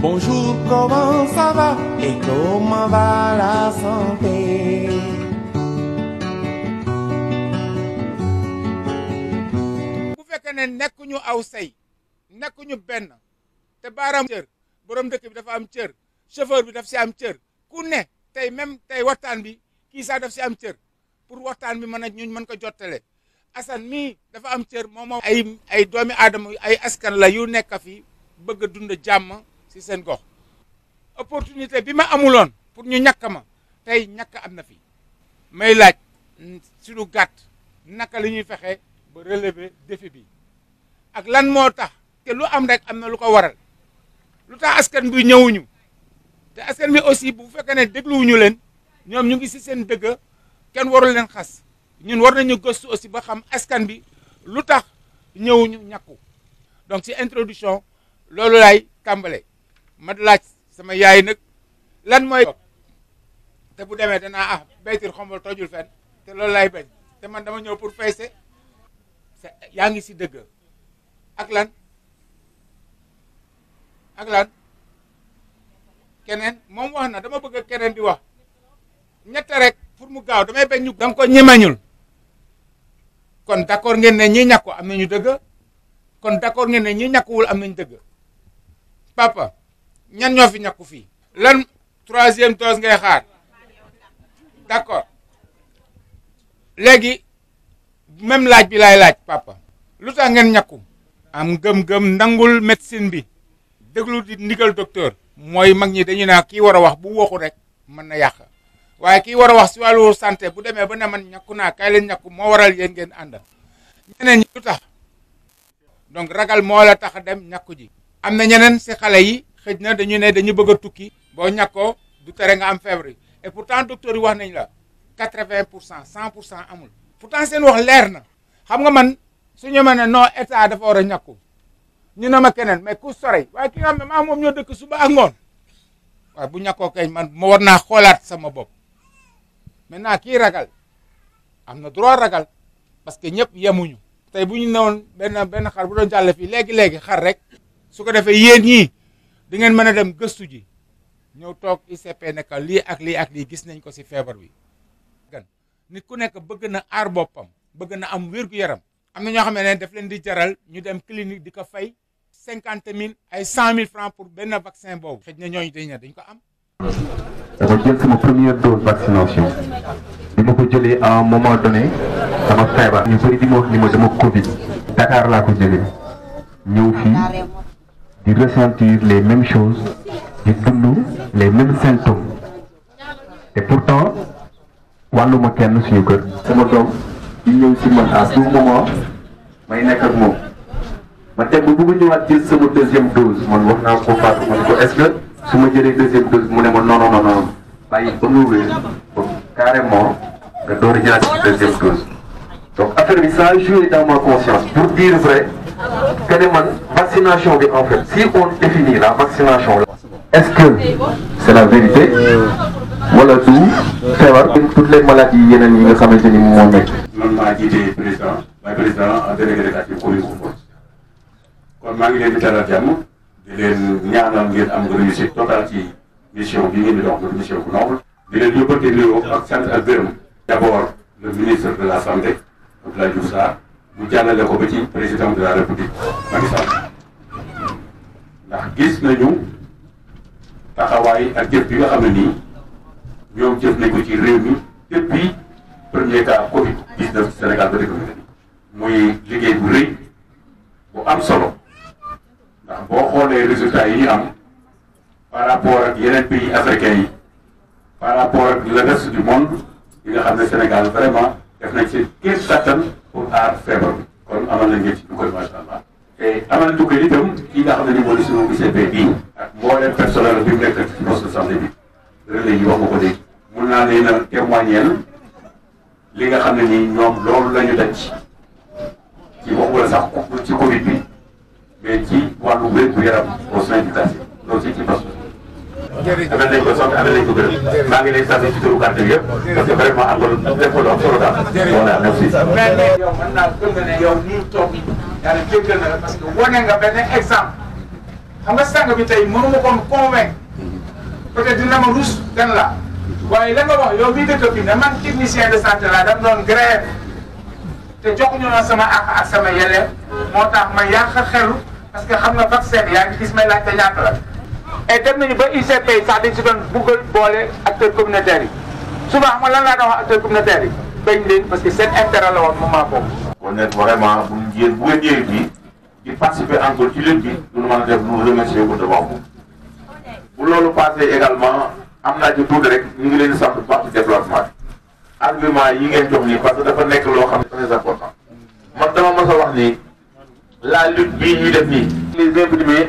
Bonjour, comment ça bu fekkee ne nekkuñu aw say nekkuñu benn te baaraam cër borom dëkk bi dafa am cër chauffeur bi daf si am cër ku ne tey même tey waxtaan bi kii sax daf si am cër pour waxtaan bi mën a ñuñ mën ko jottale Assane mi dafa am cër moom ay ay doomi aadama ay askan la yu nekk fi bëgg a dund jàmm si sen gox opportunité bi ma pour ñu ñàkk ma tay ñàkk am fi may laaj ci lu gàtt naka li ñuy fexé ba relever défi bi ak lan mo tax te lu am rek amna lu ko waral lu askan bi ñewuñu te askan bi aussi bu fekkee ne dégluwuñu leen ñoom ñu ngi ci sen dëgg ken warul len xass ñun war nañu gëstu aussi ba xam askan bi lu tax ñëwuñu donc ci introduction lolu lay ma laaj sama yaay nag lan mooy te bu demee danaa ah baytir xombal tojul fenn te loolu lay bañ te man dama ñëw pour fayse yaa ngi si dëgg ak lan ak lan keneen moom wax na dama bëgg di wax ñett rek pour mu gaaw damay bañ ñu. da ko ñemañul kon d'accord ngeen ne ñi ñàkk am nañu dëgg kon d'accord ngeen ne ñi ñàkkuwul am nañu dëgg papa. ñan ñoo fi ñàkku fii lan troisième dose ngay xaar d'accord léegi même laaj bi laay laaj papa lu tax ngeen ñàkku am gëm-gëm nangul médecine bi déglu di ndigal docteur mooy mag ñi dañu naa kii war a wax bu waxu rek mën na yàq waaye kii war a wax si wàllu sante bu demee ba ne man ñàkku naa kaay leen ñàkku moo waral yéen ngeen ànd ñeneen lu tax donc ragal moo la tax dem ñàkku ji am na ñeneen si xale yi xëj na dañu ne dañu bëgg a tukki boo ñàkkoo du tere nga am feebar yi et pourtant yi wax nañ la quatre-vingt pour cent cent pour cent amul pourtant seen wax leer na xam nga man suñu ma ne non état dafa war a ñàkku ñu ne ma keneen mais ku sorey waa ki nga xam moom ñoo dëkk suba ak ngoon waaye bu ñàkkoo kay man ma war naa xoolaat sama bopp maintenant kii ragal am na droit ragal parce que ñëpp yemuñu tey bu ñu newoon benn benn xar bu doon jàll fii léegi-léegi xar rek su ko defee yéen ñii di ngeen mën a dem gëstu ji ñëw toog ICP nekk lii ak lii ak lii gis nañ ko ci feebar bi gan nit ku nekk bëgg na aar boppam bëgg na am wér-gu-yaram am na ñoo xam ne daf leen di jaral ñu dem clinique di ko fay cinquante mille ay cent mille francs pour benn vaccin boobu xëj na ñooñu dañ ne dañ ko am dama jël sama première dose vaccination bi ma ko jëlee à un moment donné sama feebar ñu bëri di ma wax ni dama covid Dakar laa ko jëlee ñëw fii il ressentir les mêmes choses de nous les mêmes symptômes et pourtant wàlluma kenn nous sommes sama il y a aussi à tout moment may ak ma je bëgg deuxième dose mon ko pas, est-ce que su ma deuxième dose non non non non carrément deuxième dose donc après, ça je suis dans ma conscience pour dire vrai que ne man vaccination bi en fait si on définit la vaccination est-ce que c'est la vérité wala vrai que toutes les maladies yeneen yi nga xamante ni moo nekk. m'a maa jiite président le président en délégué de quartier commune Koumbol kon maa ngi leen di dalal jàmm di leen ñaanal ngeen am réussite totale ci mission bi ngeen di dox mission bu noble. di leen yóbbante nuyoo ak sant ak d'abord le ministre de la santé Abdoulaye Diouf mu jàllale ko ba ci président de la république Macky Sall ndax gis nañu taxawaay ak jëf bi nga xam ne nii ñoom jëf nañ ko ci réew mi depuis premier cas Covid 19 Sénégal ba dëkk bi muy liggéey bu rëy bu am solo ndax boo xoolee résultats yi ñu am par rapport ak yeneen pays africains yi par rapport ak le reste du monde yi nga xam ne Sénégal vraiment def nañ seen kéem kattan. pour aar feebar bi kon amal na ngeen ci dugal macha allah te amal dugal itam ki nga xam ne ni moo di sunu UCP bii ak mboolem personnel bi mu nekk ci poste de santé bi relais yi wax ko léegi mun naa leen a témoigner li nga xam ne ni ñoom loolu la ñu daj ci waxu la sax ci Covid bi mais ci wàllu wér gu yaram au sein loolu ci ci poste amel nañ ko soog amel nañ ko gërëm maa ngi lay sant ci turu carte yëpp parce que vraiment am nga def ko lu am solo daal voilà merci mais mais yow mën naa gëm ne yow nii toog yàlla jéggal na la parce que wane nga rus gan la waaye la nga wax yow mii dëkk bi ne man technicien de santé laa dam doon grève te joxuñu la sama àq ak sama yelleef moo tax ma que ya e dem nañu ba UGP sax dañ si doon buggal boole acteurs communautaires yi souvent xam nga lan laa doon wax acteurs communautaires yi bañ parce que seen intérêt la woon moment boobu. kon nag vraiment bu ñu yéen bu ngeen ñëwee fii di participer encore ci lépp bi lu nu mën a def nu bu loolu passé également am naa ci tuuti rek ñu ngi leen sant part ci développement argument yi ngeen jox nii parce que dafa nekk loo xam ne très important man dama mos a wax nii la lutte bii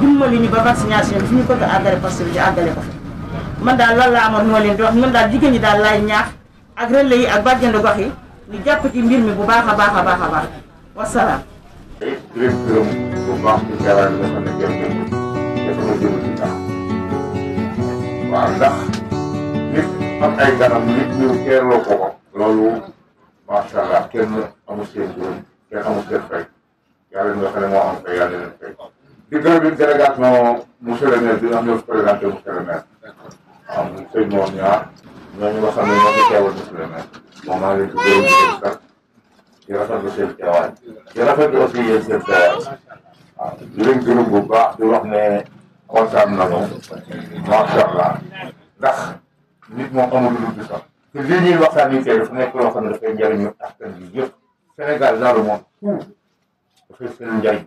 dimbali ñu ba vaccination bi ñu bëgg a àggale parce que ñu àggale ko man daal loolu laa amoon moo leen di wax man daal jigéen ñi daal laay ñaax ak relais yi ak bàjjandi gox yi ñu jàpp ci mbir mi bu baax a baax a baax a baax wasalaam. lépp gërëm bu baax ci garaan la xam ne jëm nañ dafa ma jëm di gërëm it délégation monsieur le maire bi nga xam ne ñoo fi présenté monsieur le maire. waaw muy sëñ Mor Niang ñooñu nga xam ne ñoo ngi teewal monsieur le maire. moom maa ngi leen di gërëm di leen sant di rafetlu seen teewaay di rafetlu aussi yéen seen teewaay waaw di leen gërëm bu baax di wax ne kontaan nañu macha allah ndax nit moom amul lu dul sax te lii ñuy waxtaan yi tey dafa nekk loo xam ne dafay njëriñu askan bi yëpp Sénégal dans le monde tout dafay seen njëriñ.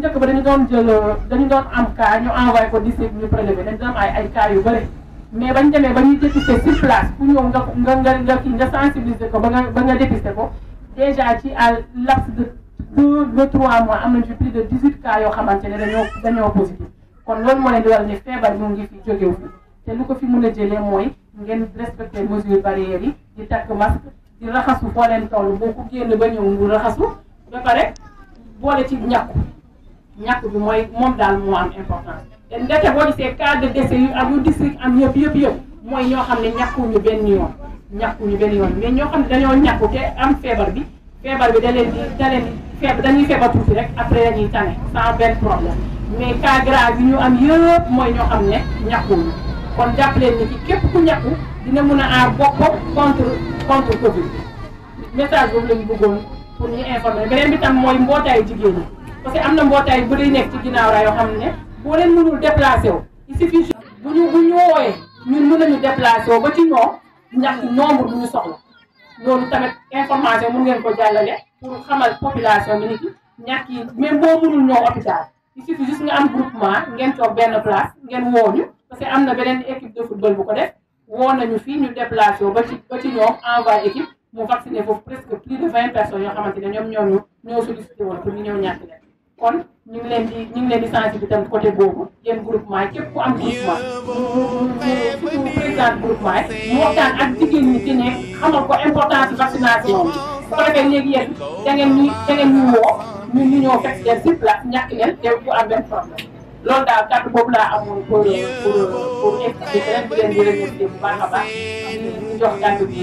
njëkk ba dañu doon jël dañu doon am cas ñu envoyé ko district ñu prélevé dañu doon ay ay cas yu bëri mais bañ demee ba ñuy dépister sur place ku ñëw nga nga nga nga kii nga sensibiliser ko ba nga ba ko déjà ci à laps de deux ba trois mois am nañu fi plus de dix huit cas yoo xamante ne dañoo dañoo positif kon loolu moo leen di waral feebar mu ngi fi jógewu te lu ko fi mun a jëlee mooy ngeen respecter mesures barrières yi di takk masque di raxasu foo leen toll boo ko ba ñëw mu raxasu ba pare boole ci ñàkku ñàkk bi mooy moom daal moo am importance te ndeke boo gisee cas de décès yu am yu district am yëpp yëpp yëpp mooy ñoo xam ne ñàkkuñu benn yoon ñu benn yoon mais ñoo xam ne dañoo ñàkku te am feebar bi feebar bi da leen di da leen di feeb dañuy feebar tuuti rek après dañuy tane sans benn problème mais cas grave yi ñu am yëpp mooy ñoo xam ne ñàkkuñu kon jàpp leen ni ci képp ku ñàkku dina mun a aar boppam contre contre Covid message boobu la ñu bëggoon pour ñu informer beneen bi tam mooy jigéen ñi. parce que am na mbootaay bu dee nekk ci ginnaaw yoo xam ne boo leen mënul déplacé wu il suffit bu ñu bu ñu woowee ñun mën ñoo ndax nombre ñu soxla tamit information mun ngeen ko jàllale pour xamal population bi ni ki ñàkk yi ngeen toog benn place ngeen woo ñu parce que am na beneen bu ko def ñu déplacé wu ba ci ba ci ñoom envoyé équipe mu ne ñoom ñoo ñu ñoo sollicité woon kon ñu ngi leen di ñu ngi leen di sensibiliser tam côté boobu yéen groupement képp ku am groupement surtout président groupement yi mu waxtaan ak jigéen ñi ci nekk xamal ko importance vaccination bi bu ko defee léegi yéen da ngeen ñu da ngeen ñu woo ñu ñu ñëw fekk leen si place ñàkk leen am benn problème loolu daal kàddu boobu laa amoon pour pour pour expliquer leen di leen di remercier bu baax a baax ñu jox kàddu bi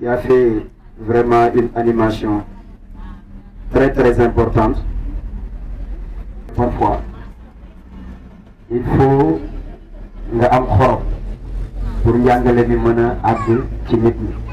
Il a fait vraiment une animation très très importante. Parfois, il faut nga pour y aller les a à